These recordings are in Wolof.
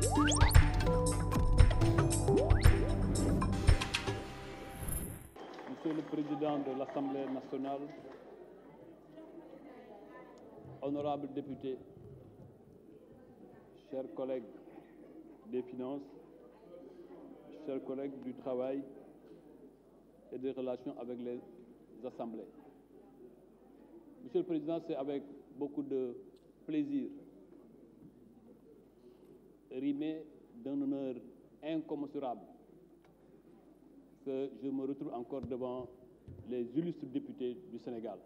Monsieur le Président de l'Assemblée nationale, honorables députés, chers collègues des finances, chers collègues du travail et des relations avec les assemblées. Monsieur le Président, c'est avec beaucoup de plaisir rimé d'un honneur incommensurable que je me retrouve encore devant les illustres députés du Sénégal.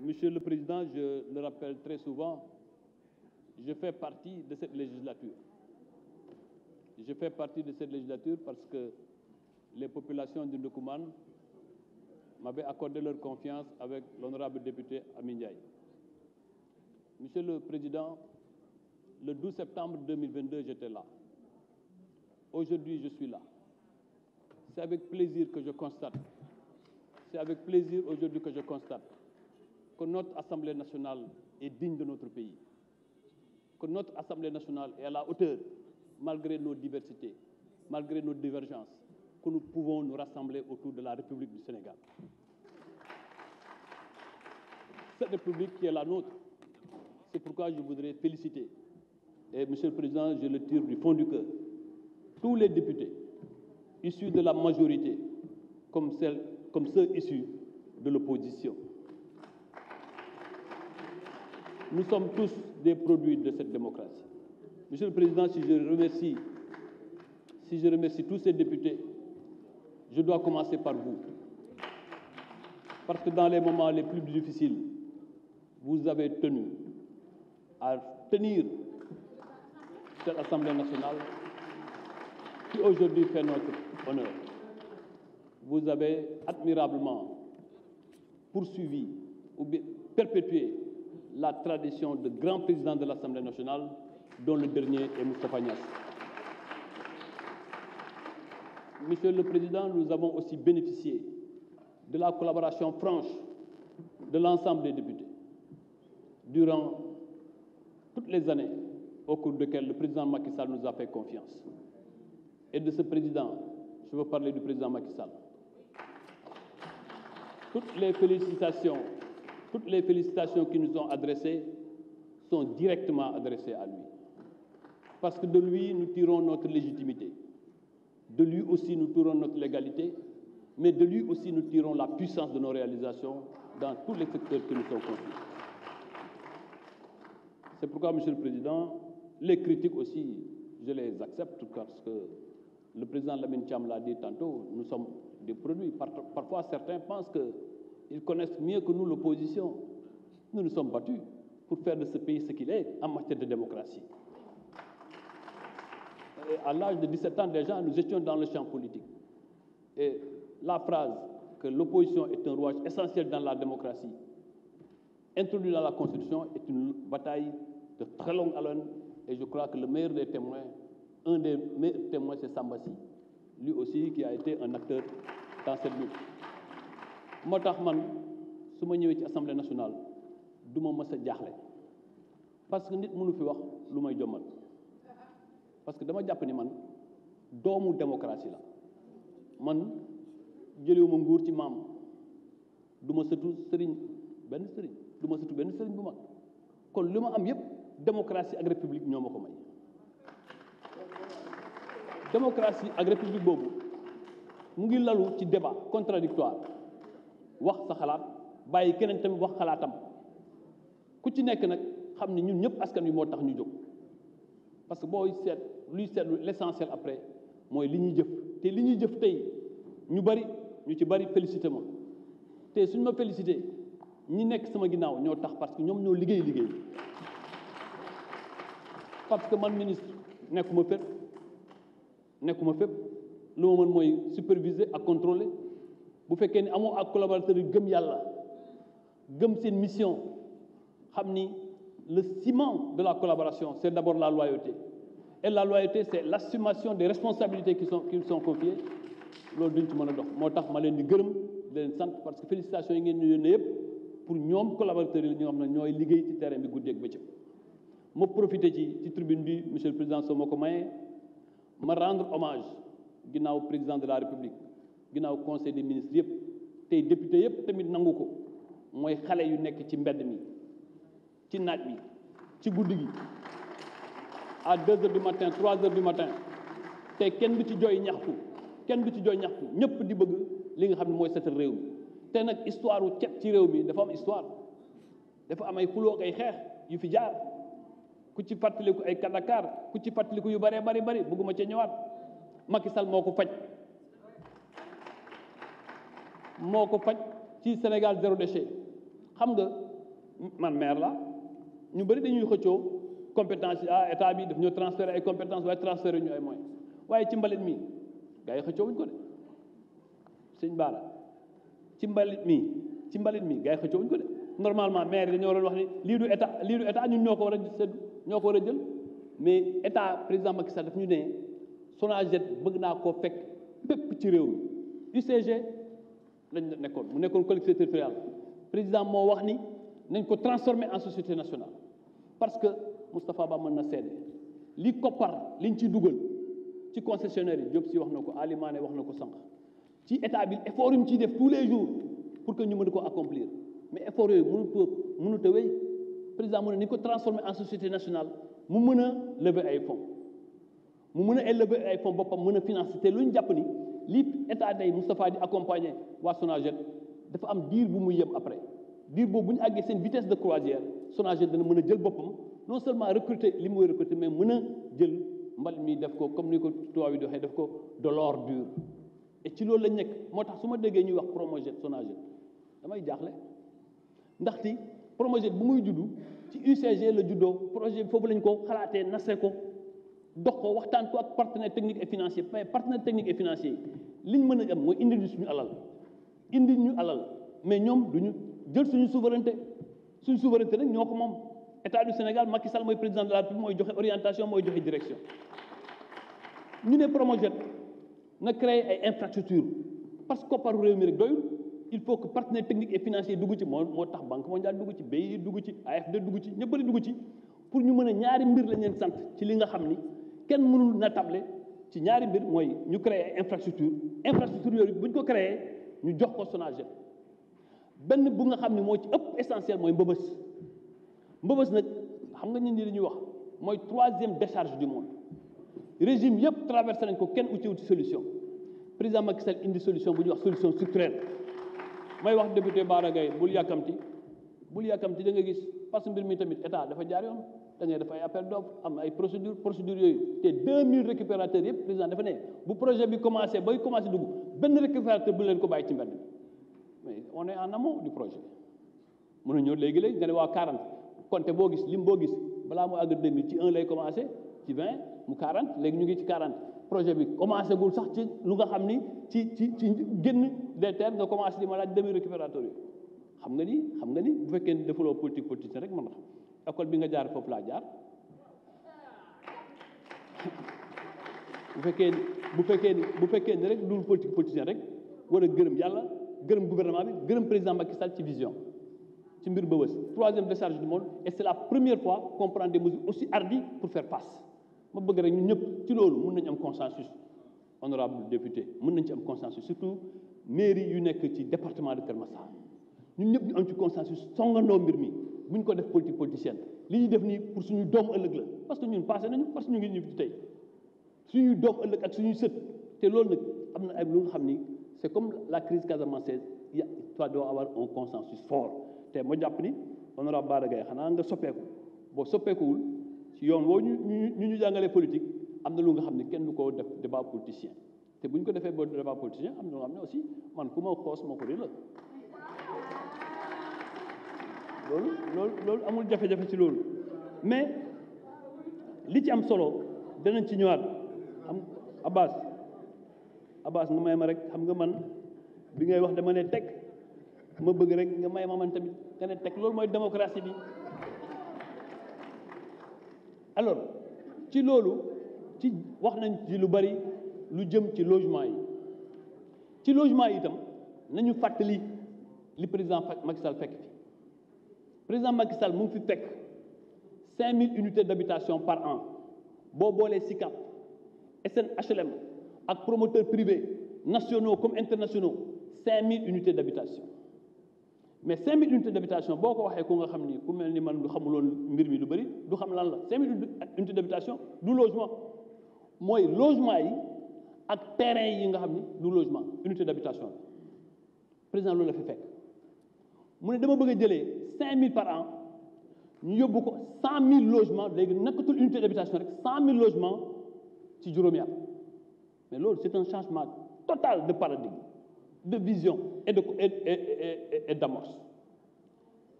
Monsieur le Président, je le rappelle très souvent, je fais partie de cette législature. Je fais partie de cette législature parce que les populations du Ndoukoumane m'avaient accordé leur confiance avec l'honorable député Amin Monsieur le Président, Le 12 septembre 2022, j'étais là. Aujourd'hui, je suis là. C'est avec plaisir que je constate, c'est avec plaisir aujourd'hui que je constate que notre Assemblée nationale est digne de notre pays, que notre Assemblée nationale est à la hauteur, malgré nos diversités, malgré nos divergences, que nous pouvons nous rassembler autour de la République du Sénégal. Cette République qui est la nôtre, c'est pourquoi je voudrais féliciter et Monsieur le Président, je le tire du fond du cœur, tous les députés issus de la majorité, comme, celles, comme ceux issus de l'opposition. Nous sommes tous des produits de cette démocratie. Monsieur le Président, si je remercie, si je remercie tous ces députés, je dois commencer par vous. Parce que dans les moments les plus difficiles, vous avez tenu à tenir de l'Assemblée nationale, qui aujourd'hui fait notre honneur. Vous avez admirablement poursuivi ou perpétué la tradition de grands présidents de l'Assemblée nationale, dont le dernier est Moustapha Niass. Monsieur le Président, nous avons aussi bénéficié de la collaboration franche de l'ensemble des députés durant toutes les années au cours duquel le président Macky Sall nous a fait confiance. Et de ce président, je veux parler du président Macky Sall. Toutes les félicitations, toutes les félicitations qui nous ont adressées sont directement adressées à lui. Parce que de lui, nous tirons notre légitimité. De lui aussi, nous tirons notre légalité. Mais de lui aussi, nous tirons la puissance de nos réalisations dans tous les secteurs que nous sommes confiés. C'est pourquoi, Monsieur le Président, Les critiques aussi, je les accepte parce que le président Lamine Cham l'a dit tantôt, nous sommes des produits. Parfois, certains pensent qu'ils que nous l'opposition. Nous nous sommes pour faire de ce pays ce qu'il est en matière de démocratie. Et à l'âge de 17 ans le champ politique. Et la phrase que l'opposition est un rouage essentiel dans la démocratie, Et je crois que le meilleur des témoins, un des meilleurs témoins, c'est Sambassi, lui aussi ki a été un acteur dans cette lutte. moo tax man su ma ñëwee ci assemblée nationale du ma mës a jaaxle parce que nit mënu fi wax lu may jommal parce que dama jàpp ni man doomu démocratie la man jëlewuma nguur ci maam du ma sëtu sëriñ benn sëriñ du ma sëtu benn sëriñ bu mag kon li ma am yépp démocratie ak république ñoo ma ko may démocratie ak république boobu mu ngi lalu ci débat contradictoire wax sa xalaat bàyyi keneen tamit wax xalaatam ku ci nekk nag xam ni ñun ñëpp askan wi moo tax ñu jóg parce que booy seet luy seetlu l'essentiel après mooy li ñuy jëf te li ñuy jëf tey ñu bari ñu ci bari félicité ma te suñ ma félicité ñi nekk sama ginnaaw ñoo tax parce que ñoom ñoo liggéey liggéey parce que man ministre nekkuma fépp nekkuma fépp lu ma mën mooy superviser ak contrôler bu fekkee ni amoo ak collaborateur yu gëm yàlla gëm seen mission xam ni le ciment de la collaboration c'est d'abord la loyauté et la loyauté c'est l'assumation de responsabilités qui sont qui sont confiées loolu duñ ci mën a dox moo tax ma leen di gërëm di leen sant parce que félicitations yi ngeen ñu yónnee yëpp pour ñoom collaborateurs yi ñoo xam ne ñooy liggéey ci terrain bi guddeeg bëccëg ma profité ci ci tribune bi monsieur le président soo ma ko mayee ma rendre hommage ginnaaw président de la république ginnaaw conseil de ministres yëpp tey député yëpp tamit nangu ko mooy xale yu nekk ci mbedd mi ci naaj bi ci guddi gi à deux heures du matin trois heures du matin te kenn du ci jooy ñaxtu kenn du ci jooy ñaxtu ñëpp di bëgg li nga xam ne mooy setal réew mi te nag histoire wu cet ci réew mi dafa am histoire dafa am ay xuloo xeex yu fi jaar ku ci fàttaliku ay Kadakar ku ci fàttaliku yu bëree bari bari bëgguma ci ñëwaat Macky Sall moo ko faj moo ko faj ci Sénégal zéro déchet xam nga man meer la ñu bëri dañuy xëccoo compétence yi ah état bi def ñoo transféré ay compétence waaye transféré ñu ay moyens waaye ci mbalit mi gars yi xëccoo wuñ ko de sëñ Bara ci mbalit mi ci mbalit mi gars yi xëccoo wuñ ko de normalement maire yi dañoo waroon wax ni lii du état lii du état ñun ñoo ko war a ñoo ko war a jël mais état président Macky Sall daf ñu ne Sonaged bëgg naa koo fekk bépp ci réew mi UCG lañ nekkoon mu nekkoon collectivité territoriale président moo wax ni nañ ko transformer en société national parce que Moustapha Ba mën na seede li koppar liñ ci dugal ci concessionnaire yi Diop si wax na ko Ali Mané wax na ko sànq ci état bi effort yi mu ciy def tous les jours pour que ñu mën ko accomplir mais effort yooyu mënut a mënut a wéy président mu ni ko transformé en société nationale mu mën a lever ay fonds mu mën a élever ay fonds boppam mën a finance te lu ñu jàpp ni lii état day Moustapha di accompagner waa Sonaged dafa am diir bu muy yem après diir boobu bu ñu àggee seen vitesse de croisière Sonaged dana mën a jël boppam non seulement recruter li muy recruter mais mën a jël mbal mi def ko comme ni ko tubaab yi doxee def ko de l'ordure et ci loolu lañ nekk moo tax su ma déggee ñuy wax Promoged Sonaged damay jaaxle projet bu muy juddu ci UCG la juddoo projet foofu lañ ko xalaatee nase ko dox ko waxtaan ko ak partenaire technique et financier mais partenaire technique et financier liñ mën a am mooy indi suñu alal indi ñu alal mais ñoom duñu jël suñu souveraineté suñu souveraineté rek ñoo ko moom état du Sénégal Macky Sall mooy président de la République mooy joxe orientation mooy joxe direction ñu ne Promojet na créer ay infrastructure parce que kopparu réew mi rek doyul il faut que partenaires techniques et financiers dugg ci moo moo tax banque mondiale dugg ci BI dugg ci AFD dugg ci ñëpp dugg ci pour ñu mën a ñaari mbir lañ leen sant ci li nga xam ni kenn mënul na table ci ñaari mbir mooy ñu créer infrastructure infrastructure yooyu bu ñu ko créer ñu jox ko Sonaged benn bu nga xam ni moo ci ëpp essentiel mooy mbëbës mbëbës nag xam nga nit ñi li ñuy wax mooy troisième décharge du monde régime yëpp traversé nañ ko kenn uti uti solution président Macky Sall indi solution bu ñuy wax solution structurelle may wax député Bara Gaye bul yàkkamti bul yàkkamti da nga gis parce que mbir mi tamit état dafa jaar yoon da ngay def ay appel d'offre am ay procédure procédure yooyu te 2000 récupérateurs yëpp président dafa ne bu projet bi commencé bay commencé dugg benn récupérateur bu leen ko bàyyi ci mbedd mais on est en amont du projet mënuñu léegi-léegi nga ne waa quarante compté boo gis lim boo gis balaa mu àgg 2000 ci 1 lay commencé ci 20 mu 40 léegi ñu ngi ci 40 projet bi commencé gul sax ci lu nga xam ni ci ci ci génn des terres nga commencé di ma laaj demi récupérateur yi xam nga ni xam nga ni bu fekkee ni defuloo politique politique rek mën na xam école bi nga jaar foofu laa jaar bu fekkee ni bu fekkee ni bu fekkee ni rek dul politique politicien rek war a gërëm yàlla gërëm gouvernement bi gërëm président Macky Sall ci vision ci mbir ba wës troisième décharge du monde et c'est la première fois qu'on prend des aussi hardies pour ma bëgg rek ñun ñëpp ci loolu mën nañu am consensus honorable député mun nañ ci am consensus surtout mairie yu nekk ci département de Kër Massar ñun ñëpp ñu am ci consensus songandoo mbir mi bu ñu ko def politique politicienne li ñuy def nii pour suñu doom ëllëg la parce que ñun passé nañu parce que ñu ngi ñëw ci tey suñu doom ëllëg ak suñuy sët te loolu nag am na ay lu nga xam ni c' comme la crise casamançaise ya toi doit avoir un consensus fort te ma jàpp ni honorable soppeeku boo soppeekuwul ci yoon ñu ñu ñu jàngalee politique am na lu nga xam ni kenn du ko def débat politicien te bu ñu ko defee boo débat politicien am na loo xam ne aussi man ku ma xoos ma ko réeral loolu loolu loolu amul jafe-jafe ci loolu mais li ci am solo danañ ci ñëwaat xam Abbas Abbas nga may ma rek xam nga man bi ngay wax dama ne teg ma bëgg rek nga may ma man tamit nga ne teg loolu mooy démocratie bi. alors ci loolu ci wax nañ ci lu bari lu jëm ci logement yi ci logement yi itam nañu fàttali li président Macky Sall fekk fi président Macky Sall mu ngi fi fekk 5000 unités d'habitation par an boo boolee SICAP SNHLM ak promoteurs privés nationaux comme internationaux 5000 unités d'habitation mais 5000 unités d'habitation boo ko waxee ku nga xam ni ku mel ni man du xamuloon mbir mi lu bëri du xam lan la 5000 unités d'habitation du logement mooy logement yi ak terrain yi nga xam ni du logement unité d'habitation président loolu la fi fekk mu ne dama bëgg a jëlee 5000 par an ñu yóbbu ko 100000 logements léegi nekkatul unité d'habitation rek 100000 logements ci juróomi at mais loolu c'est un changement total de paradigme. de vision et de et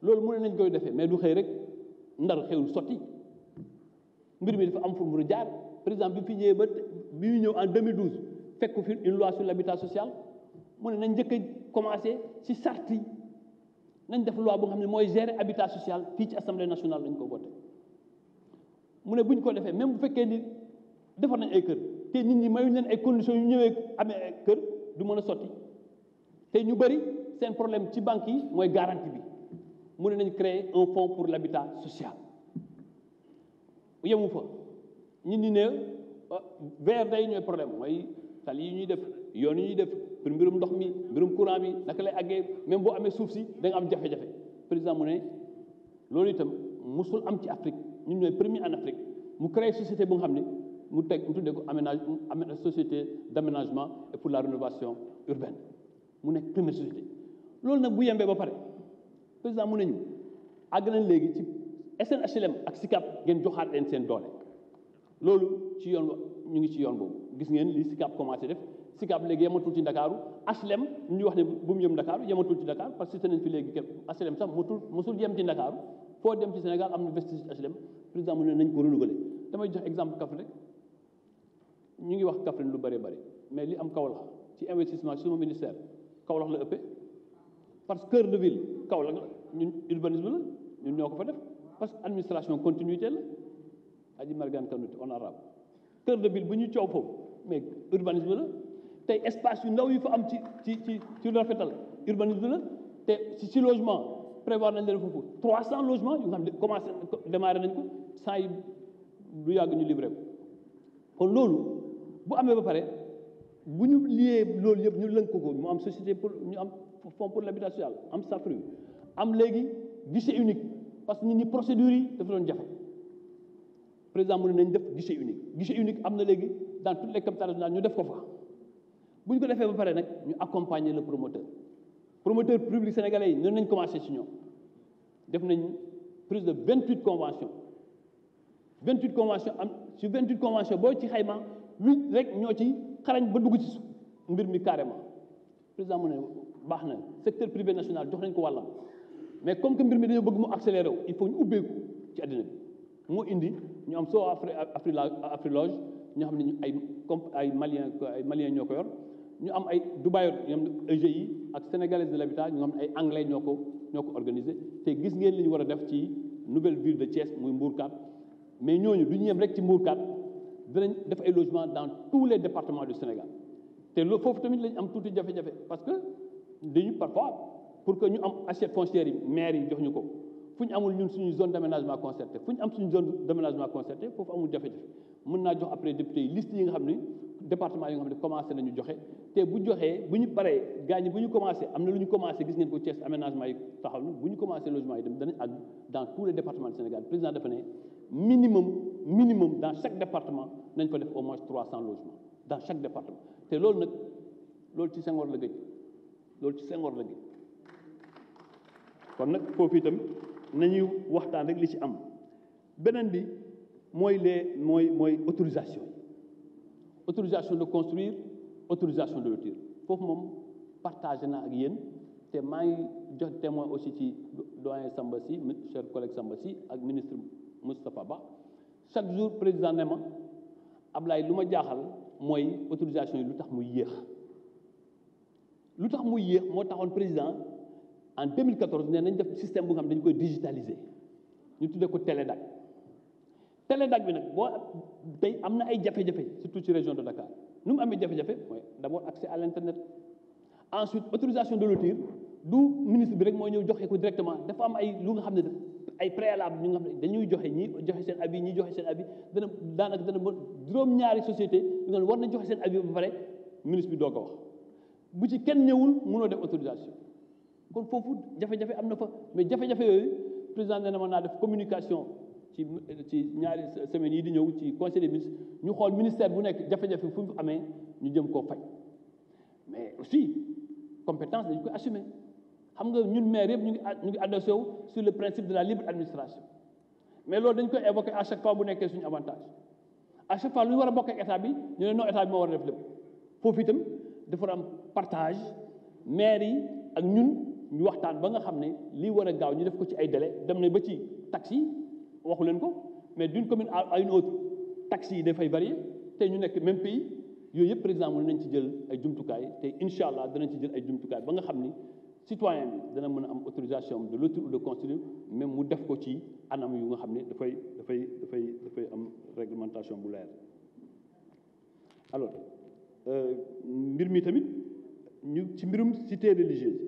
loolu mu ne nañ koy defee mais du xëy rek ndar xewul sotti mbir mi dafa am fu mu jaar par exemple bi fi ñëwee ba bi ñu ñëw en 2012 fekk fi une loi sur l'habitat social mu ne nañ njëkk a commencé ci sart yi nañ def loi bu nga xam ne mooy gere habitat social fii ci assemblée nationale lañ ko voté mu ne buñ ñu ko defee même bu fekkee ni defar nañ ay kër te nit ñi mayuñ leen ay conditions yu ñëwee amee ay kër du mën a sotti te ñu bëri seen problème ci banque yi mooy garantie bi mu ne nañ créer un fonds pour l'habitat social yemu fa ñi ni ne ah, VRD yi ñooy problème mooy tali yi ñuy def yoon yi ñuy def pour mbirum ndox mi mbirum courant bi naka lay àggee même boo amee suuf si da am jafe-jafe président mu ne loolu itam musul am ci Afrique ñu ñooy premier en Afrique mu créé société bu nga xam ne mu teg mu tuddee ko aménage société d' aménagement et pour la rénovation urbaine mu ne première société loolu nag bu yembee ba pare président mu ne ñu àgg nañ léegi ci SNHLM ak SICAP ngeen joxaat leen seen doole loolu ci yoon ñu ngi ci yoon boobu gis ngeen li SICAP commencé def SICAP léegi yematul ci Ndakaaru HLM ñu wax ne bu mu yem Ndakaaru yematul ci Dakar parce que te nañ fi léegi kenn HLM sax motul mosul yem ci Ndakaaru foo dem ci Sénégal am na vesti HLM président mu ne nañ ko renouveler damay jox exemple rek ñu ngi wax Kaffrine lu bëree bëri mais li am Kaolack ci investissement suma ministère Kaolack la ëppee parce que cœur de ville Kaolack la urbanisme la ñun ñoo ko fa def parce que administration continuité la aji Margan Kanouté en arabe cœur de ville bu ñu coow foofu mais urbanisme la tey espace yu ndaw yu fa am ci ci ci ci rafetal urbanisme la te ci ci logement prévoir nañ leen foofu 300 logements yu nga xam ne commencé démarré nañ ko saa du yàgg ñu livré ko kon loolu bu amee ba pare. bu ñu liee loolu yëpp ñu lënk ko mu am société pour ñu am fonds pour l'habitat social am SAFRU am léegi guichet unique parce que nit ñi procédures yi dafa doon jafe président mu ne nañ def guichet unique guichet unique am na léegi dans toutes les capitales régionales ñu def ko fa bu ñu ko defee ba pare nag ñu accompagner le promoteur promoteur public sénégalais yi noonu nañ commencé ci ñoom def nañ prise de vingt huit convention vingt huit convention am sur vingt boo ci xayma huit rek ñoo ci xarañ ba dugg ci mbir mi carrément président mu ne baax na secteur privé national jox nañ ko wàllam mais comme que mbir mi dañoo bëgg mu accéléré wu il faut ñu ubbeeku ci àddina bi moo indi ñu am soo afri afriloge ñoo xam ne ñu ay comme ay malien ay malien ñoo ko yor ñu am ay Dubaï ñoo xam ne e ak sénégalais de l'habitat ñu xam ay anglais ñoo ko ñoo ko organisé te gis ngeen li ñu war a def ci nouvelle ville de Thiès muy Mbourkat mais ñooñu du ñu yem rek ci Mbourkat dinañ def ay logement dans tous les départements du Sénégal te loo foofu tamit lañ am tuuti jafe-jafe parce que dañu parfois pour que ñu am assiette foncière yi maire yi jox ñu ko fu ñu amul ñun suñu zone d' aménagement concerté fu ñu am suñu zone d' aménagement concerté foofu amul jafe-jafe mën naa jox après député yi liste yi nga xam ni département yi nga xam ne commencé nañu joxe te bu joxee bu ñu paree gaañ bu ñu commencé am na lu ñu commencé gis ngeen ko Thiès aménagement yi taxaw na bu ñu commencé logement yi dem danañ àgg dans tous minimum minimum dans chaque département nañ ko def au trois 300 logements dans chaque département te loolu nag loolu ci Senghor la gëj loolu ci Senghor la gëj kon nag foofu itam nañuy waxtaan rek li ci am beneen bi mooy les mooy mooy autorisation autorisation de construire autorisation de lotir foofu moom partagé naa ak yéen te maa ngi jox témoin aussi ci doyen Samba Sy cher collègue Samba ak ministre Moustapha Ba chaque jour président ne ma Ablaye lu ma jaaxal mooy autorisation yi lu tax muy yéex lu tax muy yéex moo taxoon président en 2014 nee nañ def système bu nga xam dañu koy digitaliser ñu tuddee ko Télédac Télédac bi nag boo tey am na ay jafe-jafe surtout ci région de Dakar nu mu amee jafe-jafe mooy d'abord accès à l'internet ensuite autorisation de lotir du ministre bi rek mooy ñëw joxe ko directement dafa am ay lu nga xam ne def ay préalable ñu nga xam ne dañuy joxe ñi joxe seen avis ñi joxe seen avis dana daanak dana mën juróom-ñaari société yu nga war na joxe seen avis ba pare ministre bi doo ko wax bu ci kenn ñëwul mënoo def autorisation kon foofu jafe-jafe am na fa mais jafe-jafe yooyu président nee na naa def communication ci ci ñaari semaines yi di ñëw ci conseil des ñu xool ministère bu nekk jafe-jafe fu mu amee ñu jëm koo faj mais aussi compétence dañu koy assumer xam nga ñun maire yëpp ñu ngi ñu ngi adossé wu sur le principe de la libre administration mais loolu dañ koy évoqué à chaque fois bu nekkee suñu avantage à chaque fois lu ñu war a bokk ak état bi ñu ne non état bi moo war a def lépp foofu itam dafa am partage maire yi ak ñun ñu waxtaan ba nga xam ne lii war a gaaw ñu def ko ci ay délai dem nañ ba ci taxi waxu leen ko mais d'une commune à une autre taxi yi dafay varier te ñu nekk même pays yooyu yëpp par exemple nañ ci jël ay jumtukaay te incha allah danañ ci jël ay jumtukaay ba nga xam ni citoyen dana mën a am autorisation de lotir ou de construire même mu def ko ci anam yu nga xam ne dafay dafay dafay dafay am réglementation bu leer alors euh, mbir mi tamit ñu ci mbirum cité religieuse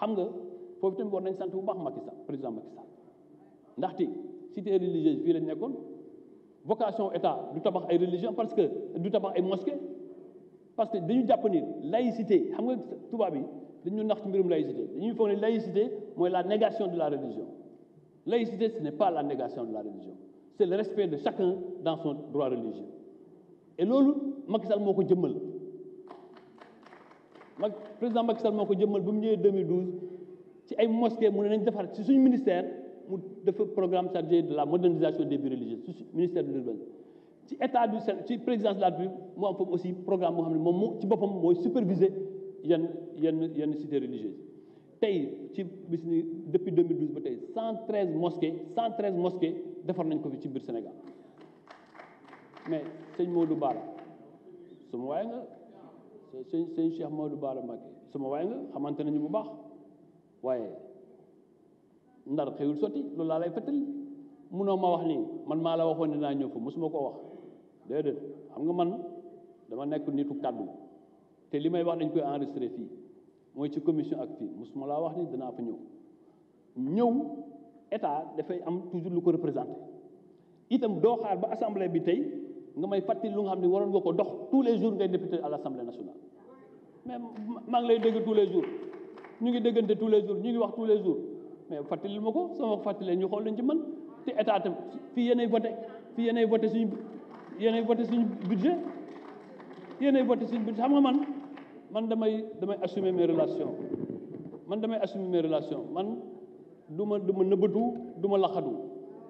xam nga foofu tamit war nañ sant bu baax Macky Sall président Macky Sall ndaxte cité religieuse fii lañ nekkoon vocation état du tabax ay religion parce que du tabax ay mosquée parce que dañu jàpp ni laïcité xam nga tubaab yi dañu nax ci mbirum laïcité dañuy foog ne laïcité mooy la négation de la religion laïcité ce n'est pas la négation de la religion c'est le respect de chacun dans son droit religieux et loolu Macky moo ko jëmmal mag président Macky Sall moo ko jëmmal bu mu ñëwee 2012 ci ay mosquées mu ne nañ defar ci suñu ministère mu dafa programme chargé de la modernisation des lieux religieux ci ministère de l'urbanisme ci état du ci présidence de la République mu am foofu aussi programme moo xam ne moom ci boppam mooy superviser yenn yenn yenn cité religieuse tey ci bis ni depuis 2012 ba tey cent 113 mosquées 113 mosquées defar nañ ko fi ci biir Sénégal mais sëñ Modou Bara suma waaye nga sëñ sëñ Cheikh Modou Bara Mbacké suma waaye nga xamante nañu bu baax waaye ndar xëyul sotti loolu laa lay fàttali munoo ma wax nii man maa la waxoon ne naa ñëw fa mosuma koo wax déedéet xam nga man dama nekk nitu kàddu te li may wax dañ koy enregistré fii mooy ci commission ak fii mosuma laa wax nii danaa fa ñëw ñëw état dafay am toujours lu ko représenté itam doo xaar ba assemblée bi tey nga may fàttali lu nga xam ne waroon nga ko dox tous les jours ngay député à l' assemblée nationale mais maa ngi lay dégg tous les jours ñu ngi dëggante tous les jours ñu ngi wax tous les jours mais fàttali ma ko sama fàttalee ñu xool lañ ci man te état tam fii yéenay voté fii yéenay voté suñu yéenay voté suñu budget yéenay voté suñu budget xam nga man man damay damay assumer mes relations man damay assumer mes relations man du ma du ma nëbbatu du ma laxatu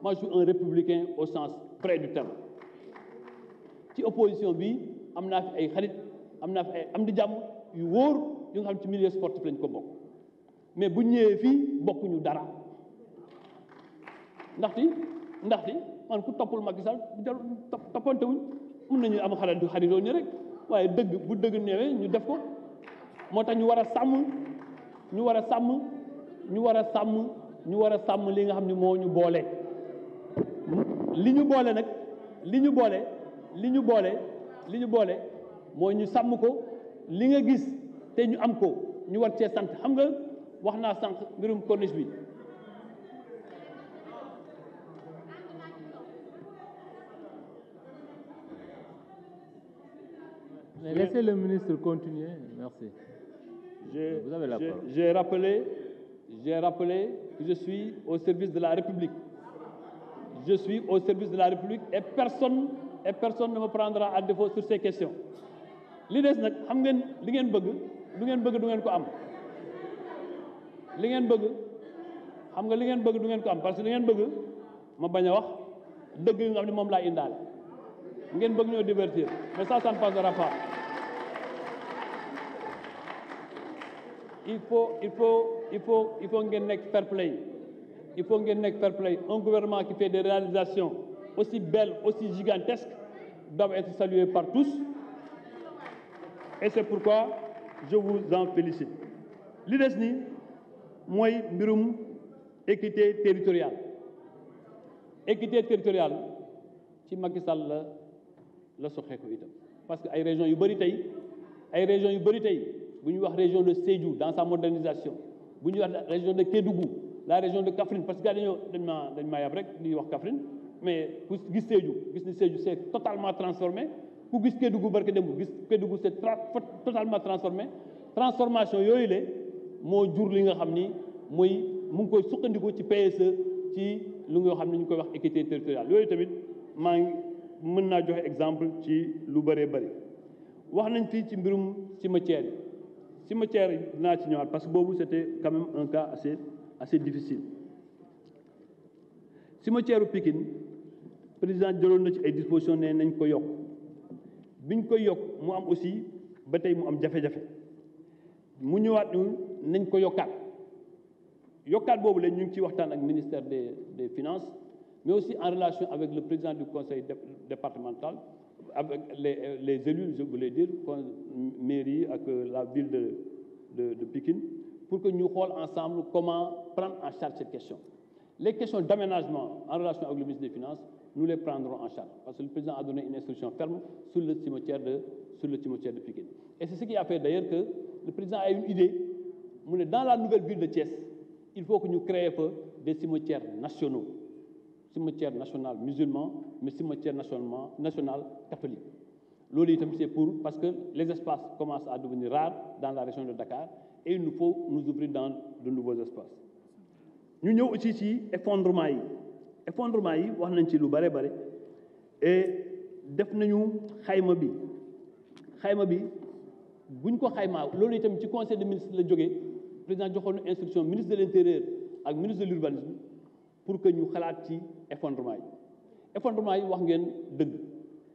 moi je suis un républicain au sens près du terme ci opposition bi am naa fi ay xarit am naa fi ay am di jàmm yu wóor yu nga xam ci milieu sportif lañ ko bokk mais bu ñëwee fii bokkuñu dara ndaxte ndaxte man ku toppul Macky Sall toppante wuñ mun nañu am xarit xaritoo ñu rek waaye dëgg bu dëgg ñëwee ñu def ko moo tax ñu war a sàmm ñu war a sàmm ñu war a sàmm ñu war a sàmm li nga xam ni moo ñu boole li ñu boole nag li ñu boole li ñu boole li ñu boole mooy ñu sàmm ko li nga gis te ñu am ko ñu war cee sant xam nga wax naa sànq mbirum corniche bi Mais laissez le ministre continuer. Merci. Vous avez la parole. je suis au service de la République. Je suis au service de la République et personne, et personne ne me prendra à défaut sur ces questions. li des nag xam ngeen li ngeen bëgg lu ngeen bëgg du ngeen ko am li ngeen bëgg xam nga li ngeen bëgg du ngeen ko am parce que li ngeen bëgg ma bañ a wax dëgg yi xam ne moom laa indaale ngeen bëgg ñoo divertir mais ça ça ne passera pas il faut il faut il faut il faut ngeen nekk fair play il faut ngeen nekk fair play un gouvernement qui fait des réalisations aussi belles aussi gigantesques doivent être saluées par tous et c'est pourquoi je vous en félicite li des ni mooy mbirum équité territoriale équité territoriale ci Macky Sall la la soxee itam parce que ay régions yu bëri tey ay régions yu bëri tey bu ñu wax région de Sédhiou dans sa modernisation bu ñu wax région de Kédougou la région de Kaffrine parce que gars dañoo dañ maa dañ maa yab rek di wax Kaffrine mais ku gis Sédhiou gis ni Sédhiou c'est totalement transformé ku gis Kédougou barke démb gis Kédougou c'est totalement transformé transformation yooyu le moo jur li nga xam ni mooy mu ngi koy sukkandiku ci PSE ci lu nga xam ne ñu koy wax équité territoriale yooyu tamit maa ngi mën naa joxe exemple ci lu bëree bëri wax nañ fii ci mbirum cimetière ci cimetière yi naa ci ñëwaat parce que boobu c'était quand même un cas assez assez difficile cimetière u Pikine président jëloon na ci ay dispositions nee nañ ko yokk biñ koy yokk mu am aussi ba tey mu am jafe-jafe mu ñëwaat ñu nañ ko yokkaat yokkaat boobu la ñu ngi ciy waxtaan ak ministère de des finances mais aussi en relation avec le président du conseil départemental les, les élus, je voulais dire, mairie avec la ville de, de, de Pékin, pour que nous voyons ensemble comment prendre en charge cette question. Les questions d'aménagement en relation avec le ministre des Finances, nous les prendrons en charge. Parce que le président a donné une instruction ferme sur le cimetière de, sur de Pékin. Et c'est ce qui a fait d'ailleurs que le président a une idée. Dans la nouvelle ville de Thiès, il faut que nous créions des cimetières nationaux. cimetière national musulman mais cimetière nationalement national catholique loolu itam c'est pour parce que les espaces commencent à devenir rares dans la région de Dakar et il nous faut nous ouvrir dans de nouveaux espaces ñu ñëw aussi ci effondrement yi effondrement yi wax nañ ci lu bare bare et def nañu xayma bi xayma bi buñ ko xaymaa loolu tam ci conseil de ministres la jógee président joxoon instruction ministre de l'intérieur ak ministre de l'urbanisme pour que ñu xalaat ci effondrement yi effondrement yi wax ngeen dëgg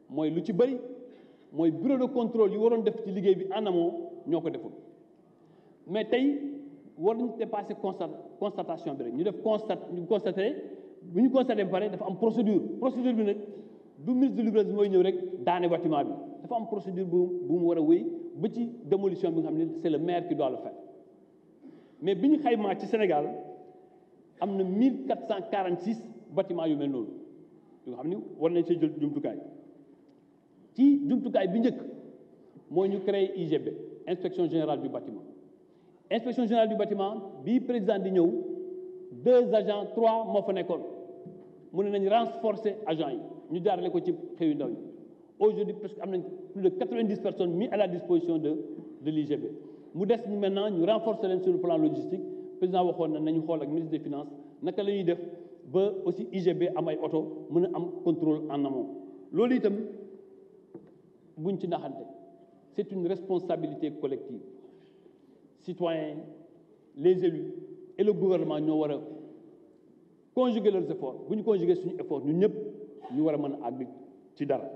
mooy lu ci bëri mooy bureau de contrôle yi waroon def ci liggéey bi en amont ñoo ko deful mais tey war nañu dépasser constat constatation bi rek ñu def constat ñu constaté bu ñu constaté ba pare dafa am procédure procédure bi nag du ministre de l'urbanisme mooy ñëw rek daane bâtiment bi dafa am procédure bu bu mu war a wéy ba ci démolition bi nga xam ne c'est le maire qui doit le faire mais bi ñu xaymaa ci Sénégal am na 1446 bâtiment yu mel noonu yu nga xam ni war nañ see jël jumtukaay ci jumtukaay bi njëkk mooy ñu créer IGB inspection général du bâtiment inspection générale du batiment bi président di ñëw deux agents trois moo fa nekkoon mu ne nañ renforcer agents yi ñu jaarale ko ci xëyu ndaw yi aujourd'hui presque am nañ plus de 90 personnes mis à la disposition de de l'IGB mu des ñu maintenant ñu renforcer leen sur le plan logistique président waxoon na nañu xool ak ministre des finances naka la ñuy def ba aussi IGB am ay oto mën a am contrôle en amont loolu itam buñ ci naxante c'est une responsabilité collective citoyens les élus et le gouvernement ñoo war a conjuguer leurs efforts bu ñu conjuguer suñu effort ñu ñëpp ñu war a mën a àgg ci dara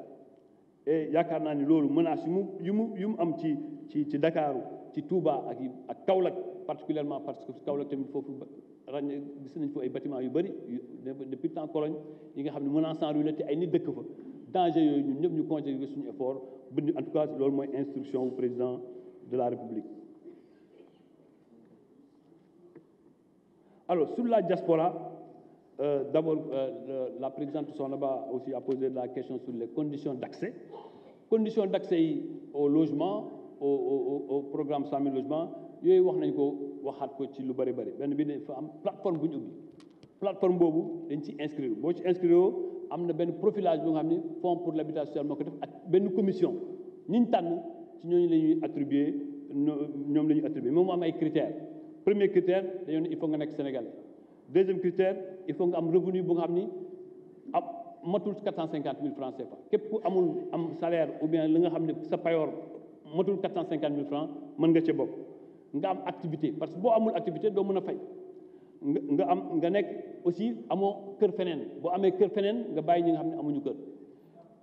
et yaakaar naa ni loolu mën yu mu yu mu yu mu am ci ci ci Dakaaru ci Touba ak ak Kaolack particulièrement parce que Kaolack tamit foofu ràññee gis nañ fa ay bâtiment yu bëri depuis temps colonie yi nga xam ne menaçant ru la te ay nit dëkk fa danger yooyu ñun ñëpp ñu conjuguer suñu effort bu en tout cas loolu mooy instruction bu président de la République alors sur la diaspora euh, d'abord euh, la présidente Sonaba aussi a posé la question sur les conditions d'accès conditions d'accès au logement au au programme 100 000 yooyu wax nañ ko waxaat ko ci lu bëri bëri benn bi dafa am plateforme bu ñu ubbi plateforme boobu dañ ci inscrire boo ci inscrire am na benn profilage bu nga xam ne fonds pour l'habitat social moo ko def ak benn commission ñi ñu tànn ci ñooñu la ñuy attribuer ñoom la ñuy moom mu am ay critères premier critère dañoo ne il faut nga nekk sénégal deuxième critère il faut nga am revenu bu nga xam ni ab matul 450 000 francs CFA képp ku amul am salaire ou bien li nga xam ne sa payoor matul 450 000 francs mën nga ca bokk nga am activité parce que boo amul activité doo mën a fay nga nga am nga nekk aussi amoo kër feneen boo amee kër feneen nga bàyyi ñi nga xam ne amuñu kër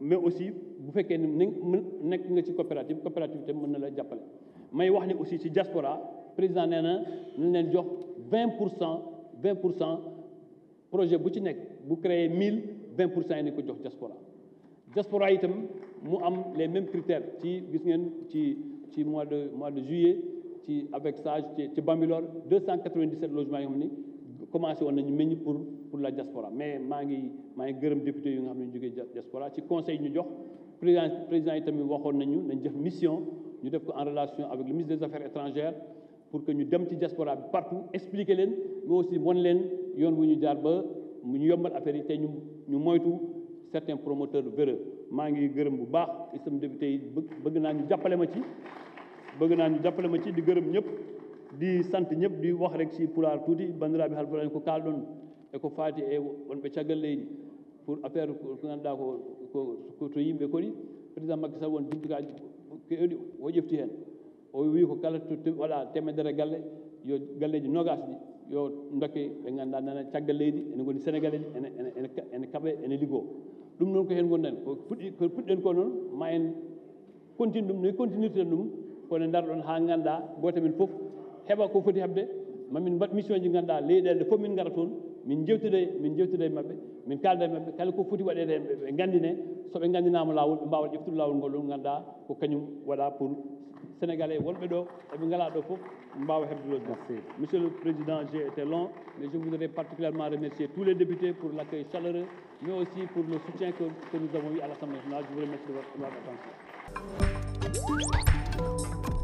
mais aussi bu fekkee ni nekk nga ci coopérative coopérative te mën na la jàppale may wax ne aussi ci diaspora président nee na ñu leen jox 20 pour cent 20 pour cent projet bu ci nekk bu créé 1000 20 pour cent yi nañ ko jox diaspora diaspora itam mu am les mêmes critères ci gis ngeen ci ci mois de mois de juillet ci avec sage ci ci Bambilor 297 logements yoo xam ni commencé woon nañu meññ pour pour la diaspora mais maa ngi maa ngi gërëm député yu nga xam ne ñu jógee diaspora ci conseil ñu jox président président yi tamit waxoon nañu nañ def mission ñu def ko en relation avec le ministre des affaires étrangères pour que ñu dem ci diaspora bi partout expliquer leen mais aussi won leen yoon wu ñu jaar ba ñu yombal affaire te ñu ñu certains promoteurs véreux maa ngi gërëm bu baax itam député yi bëgg naa ñu jàppale ma ci bëgg naa ñu jàppale ma ci di gërëm ñëpp di sant ñëpp di wax rek ci pulaar tuuti bandiraɓe halpulaar ko kalɗon eko faati e caggal leydi pour affaire ko ganduɗa ko to yimɓe koɗi président makky sall won jumtukaji kewɗi e o ƴefti hen o wi ko kala to waɗa temedere yo galleji nogas ɗi yo dokke ɓe ganduɗa nana caggal leydi ene goni sénégalais ene ene kaɓe ene ɗum noon ko heen gonɗen ko puɗɗen ko noon ma en continue ɗum no continuirten e maɓɓe min kaalda e maɓɓe kala ko foti waɗede hen ɓe nganndine soɓe nganndinama laawol ɓe mbawa ƴeftude laawol ngol ɗon ngannduɗa kañum waɗa pour sénégalais wonɓe ɗo le président j'ai été particulièrement remercier tous les députés pour l'accueil chaleureux mais aussi pour le soutien que, que nous avons eu à l'Assemblée nationale. Je vous remercie de votre, de votre attention.